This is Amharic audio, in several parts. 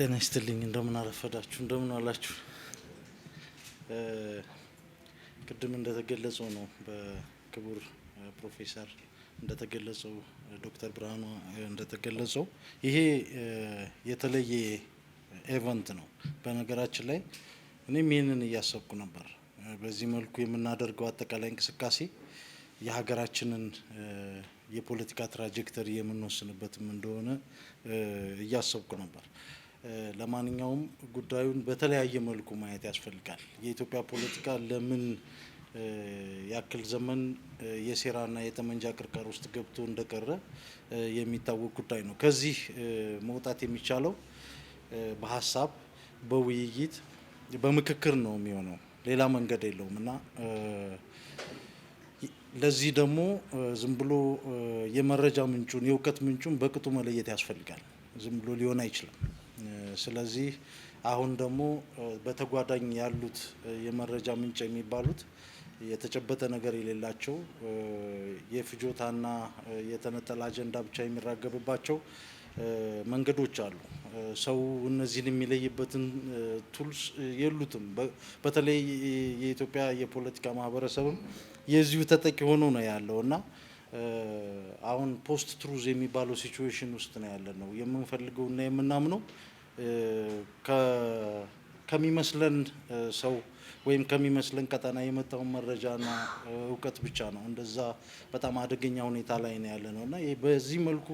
ጤና ይስጥልኝ። እንደምን አረፈዳችሁ፣ እንደምን አላችሁ። ቅድም እንደተገለጸው ነው በክቡር ፕሮፌሰር እንደተገለጸው ዶክተር ብርሃኑ እንደተገለጸው ይሄ የተለየ ኤቨንት ነው። በነገራችን ላይ እኔም ይህንን እያሰብኩ ነበር። በዚህ መልኩ የምናደርገው አጠቃላይ እንቅስቃሴ የሀገራችንን የፖለቲካ ትራጀክተሪ የምንወስንበትም እንደሆነ እያሰብኩ ነበር። ለማንኛውም ጉዳዩን በተለያየ መልኩ ማየት ያስፈልጋል። የኢትዮጵያ ፖለቲካ ለምን ያክል ዘመን የሴራና የጠመንጃ ቅርቃር ውስጥ ገብቶ እንደቀረ የሚታወቅ ጉዳይ ነው። ከዚህ መውጣት የሚቻለው በሀሳብ በውይይት በምክክር ነው የሚሆነው። ሌላ መንገድ የለውም እና ለዚህ ደግሞ ዝም ብሎ የመረጃ ምንጩን የእውቀት ምንጩን በቅጡ መለየት ያስፈልጋል። ዝም ብሎ ሊሆን አይችልም። ስለዚህ አሁን ደግሞ በተጓዳኝ ያሉት የመረጃ ምንጭ የሚባሉት የተጨበጠ ነገር የሌላቸው የፍጆታና የተነጠለ አጀንዳ ብቻ የሚራገብባቸው መንገዶች አሉ። ሰው እነዚህን የሚለይበትን ቱልስ የሉትም። በተለይ የኢትዮጵያ የፖለቲካ ማህበረሰብም የዚሁ ተጠቂ ሆኖ ነው ያለው እና አሁን ፖስት ትሩዝ የሚባለው ሲቹዌሽን ውስጥ ነው ያለ ነው የምንፈልገው እና የምናምነው ከሚመስለን ሰው ወይም ከሚመስለን ቀጠና የመጣውን መረጃና እውቀት ብቻ ነው። እንደዛ በጣም አደገኛ ሁኔታ ላይ ነው ያለ ነው እና በዚህ መልኩ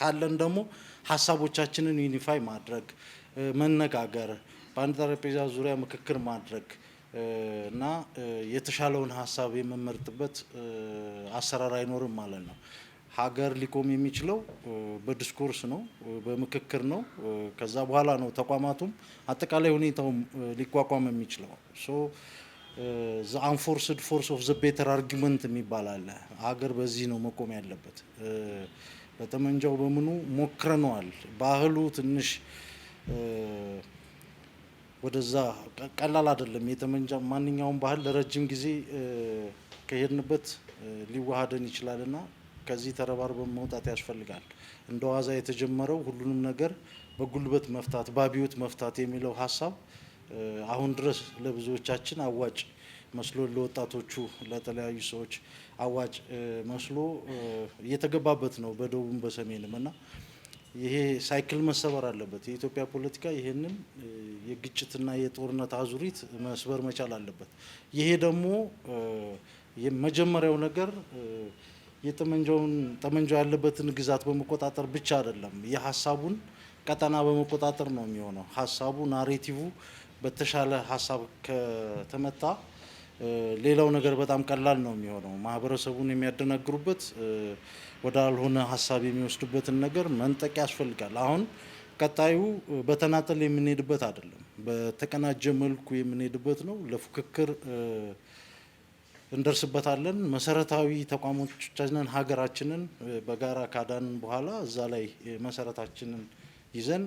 ካለን ደግሞ ሀሳቦቻችንን ዩኒፋይ ማድረግ፣ መነጋገር፣ በአንድ ጠረጴዛ ዙሪያ ምክክር ማድረግ እና የተሻለውን ሀሳብ የምመርጥበት አሰራር አይኖርም ማለት ነው። ሀገር ሊቆም የሚችለው በዲስኮርስ ነው፣ በምክክር ነው። ከዛ በኋላ ነው ተቋማቱም አጠቃላይ ሁኔታውም ሊቋቋም የሚችለው። ሶ ዘ አንፎርስድ ፎርስ ኦፍ ዘ ቤተር አርጊመንት የሚባል አለ። ሀገር በዚህ ነው መቆም ያለበት። በጠመንጃው በምኑ ሞክረነዋል። ባህሉ ትንሽ ወደዛ ቀላል አይደለም። የተመንጃ ማንኛውም ባህል ለረጅም ጊዜ ከሄድንበት ሊዋሃደን ይችላልና ከዚህ ተረባርበን መውጣት ያስፈልጋል። እንደ ዋዛ የተጀመረው ሁሉንም ነገር በጉልበት መፍታት፣ በአብዮት መፍታት የሚለው ሀሳብ አሁን ድረስ ለብዙዎቻችን አዋጭ መስሎ ለወጣቶቹ ለተለያዩ ሰዎች አዋጭ መስሎ እየተገባበት ነው በደቡብም በሰሜንም እና ይሄ ሳይክል መሰበር አለበት። የኢትዮጵያ ፖለቲካ ይህንን የግጭትና የጦርነት አዙሪት መስበር መቻል አለበት። ይሄ ደግሞ የመጀመሪያው ነገር የጠመንጃውን ጠመንጃው ያለበትን ግዛት በመቆጣጠር ብቻ አይደለም፣ የሀሳቡን ቀጠና በመቆጣጠር ነው የሚሆነው። ሀሳቡ ናሬቲቭ በተሻለ ሀሳብ ከተመታ ሌላው ነገር በጣም ቀላል ነው የሚሆነው። ማህበረሰቡን የሚያደናግሩበት ወዳልሆነ ሀሳብ የሚወስዱበትን ነገር መንጠቅ ያስፈልጋል። አሁን ቀጣዩ በተናጠል የምንሄድበት አይደለም፣ በተቀናጀ መልኩ የምንሄድበት ነው ለፉክክር እንደርስበታለን። መሰረታዊ ተቋሞቻችንን ሀገራችንን በጋራ ካዳን በኋላ እዛ ላይ መሰረታችንን ይዘን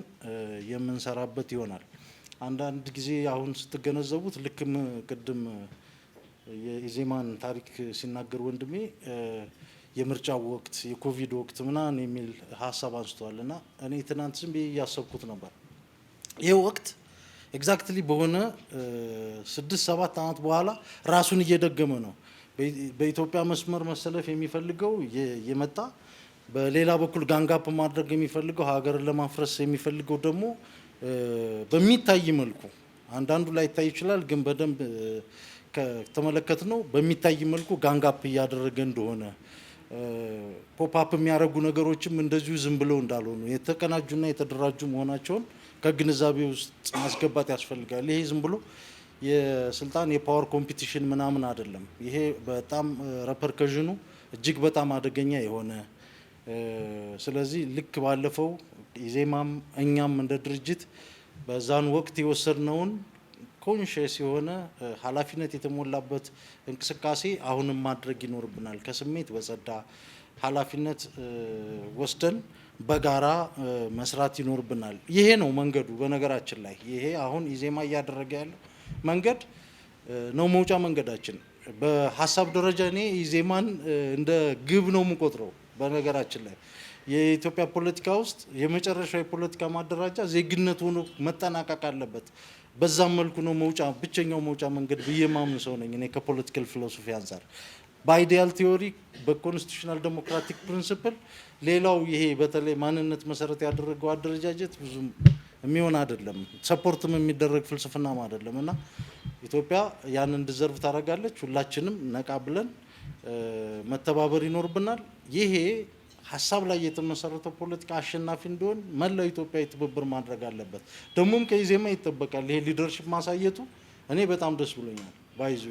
የምንሰራበት ይሆናል። አንዳንድ ጊዜ አሁን ስትገነዘቡት ልክም ቅድም የኢዜማን ታሪክ ሲናገር ወንድሜ የምርጫ ወቅት የኮቪድ ወቅት ምናምን የሚል ሀሳብ አንስተዋል እና እኔ ትናንት ዝም ብዬ እያሰብኩት ነበር ይህ ወቅት ኤግዛክትሊ በሆነ ስድስት ሰባት ዓመት በኋላ ራሱን እየደገመ ነው። በኢትዮጵያ መስመር መሰለፍ የሚፈልገው የመጣ በሌላ በኩል ጋንጋፕ ማድረግ የሚፈልገው ሀገርን ለማፍረስ የሚፈልገው ደግሞ በሚታይ መልኩ አንዳንዱ ላይታይ ይችላል፣ ግን በደንብ ከተመለከት ነው በሚታይ መልኩ ጋንጋፕ እያደረገ እንደሆነ ፖፕ አፕ የሚያደርጉ ነገሮችም እንደዚሁ ዝም ብለው እንዳልሆኑ የተቀናጁና የተደራጁ መሆናቸውን ከግንዛቤ ውስጥ ማስገባት ያስፈልጋል። ይሄ ዝም ብሎ የስልጣን የፓወር ኮምፒቲሽን ምናምን አይደለም። ይሄ በጣም ረፐርከዥኑ እጅግ በጣም አደገኛ የሆነ ስለዚህ ልክ ባለፈው ኢዜማም እኛም እንደ ድርጅት በዛን ወቅት የወሰድነውን ኮንሽስ የሆነ ኃላፊነት የተሞላበት እንቅስቃሴ አሁንም ማድረግ ይኖርብናል። ከስሜት በጸዳ ኃላፊነት ወስደን በጋራ መስራት ይኖርብናል። ይሄ ነው መንገዱ። በነገራችን ላይ ይሄ አሁን ኢዜማ እያደረገ ያለው መንገድ ነው መውጫ መንገዳችን። በሀሳብ ደረጃ እኔ ኢዜማን እንደ ግብ ነው የምቆጥረው። በነገራችን ላይ የኢትዮጵያ ፖለቲካ ውስጥ የመጨረሻ የፖለቲካ ማደራጃ ዜግነት ሆኖ መጠናቀቅ አለበት። በዛም መልኩ ነው መውጫ ብቸኛው መውጫ መንገድ ብዬ ማምን ሰው ነኝ እኔ ከፖለቲካል ፊሎሶፊ አንጻር በአይዲያል ቴዎሪ በኮንስቲቱሽናል ዴሞክራቲክ ፕሪንስፕል ሌላው ይሄ በተለይ ማንነት መሰረት ያደረገው አደረጃጀት ብዙም የሚሆን አይደለም፣ ሰፖርትም የሚደረግ ፍልስፍናም አይደለም እና ኢትዮጵያ ያንን ዲዘርቭ ታደርጋለች። ሁላችንም ነቃ ብለን መተባበር ይኖርብናል። ይሄ ሀሳብ ላይ የተመሰረተው ፖለቲካ አሸናፊ እንዲሆን መላው ኢትዮጵያ ትብብር ማድረግ አለበት። ደግሞም ከኢዜማ ይጠበቃል። ይሄ ሊደርሽፕ ማሳየቱ እኔ በጣም ደስ ብሎኛል ባይዞ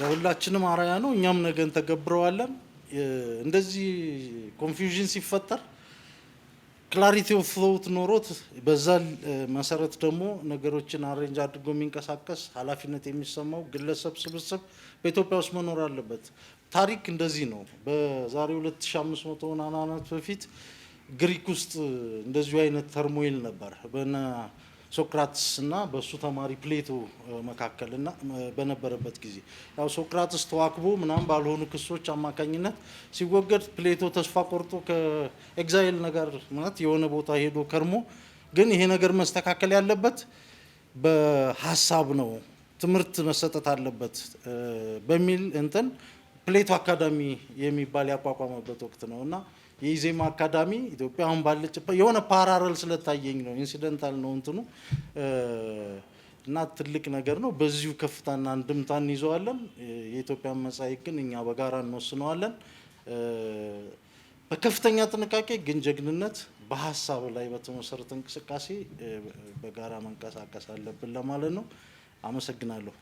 ለሁላችንም አርአያ ነው። እኛም ነገ እንተገብረዋለን። እንደዚህ ኮንፊውዥን ሲፈጠር ክላሪቲ ኦፍ ቶት ኖሮት በዛ መሰረት ደግሞ ነገሮችን አሬንጅ አድርጎ የሚንቀሳቀስ ኃላፊነት የሚሰማው ግለሰብ ስብስብ በኢትዮጵያ ውስጥ መኖር አለበት። ታሪክ እንደዚህ ነው። በዛሬ 2500 ዓመት በፊት ግሪክ ውስጥ እንደዚሁ አይነት ተርሞይል ነበር። ሶክራትስ እና በእሱ ተማሪ ፕሌቶ መካከል እና በነበረበት ጊዜ ያው ሶክራትስ ተዋክቦ ምናምን ባልሆኑ ክሶች አማካኝነት ሲወገድ ፕሌቶ ተስፋ ቆርጦ ከኤግዛይል ነገር ማለት የሆነ ቦታ ሄዶ ከርሞ፣ ግን ይሄ ነገር መስተካከል ያለበት በሀሳብ ነው፣ ትምህርት መሰጠት አለበት በሚል እንትን ፕሌቶ አካዳሚ የሚባል ያቋቋመበት ወቅት ነው እና የኢዜማ አካዳሚ ኢትዮጵያ አሁን ባለችበት የሆነ ፓራረል ስለታየኝ ነው። ኢንሲደንታል ነው እንትኑ እና ትልቅ ነገር ነው። በዚሁ ከፍታና እንድምታ እንይዘዋለን። የኢትዮጵያን መጻኢ ግን እኛ በጋራ እንወስነዋለን። በከፍተኛ ጥንቃቄ ግን ጀግንነት በሀሳብ ላይ በተመሰረተ እንቅስቃሴ በጋራ መንቀሳቀስ አለብን ለማለት ነው። አመሰግናለሁ።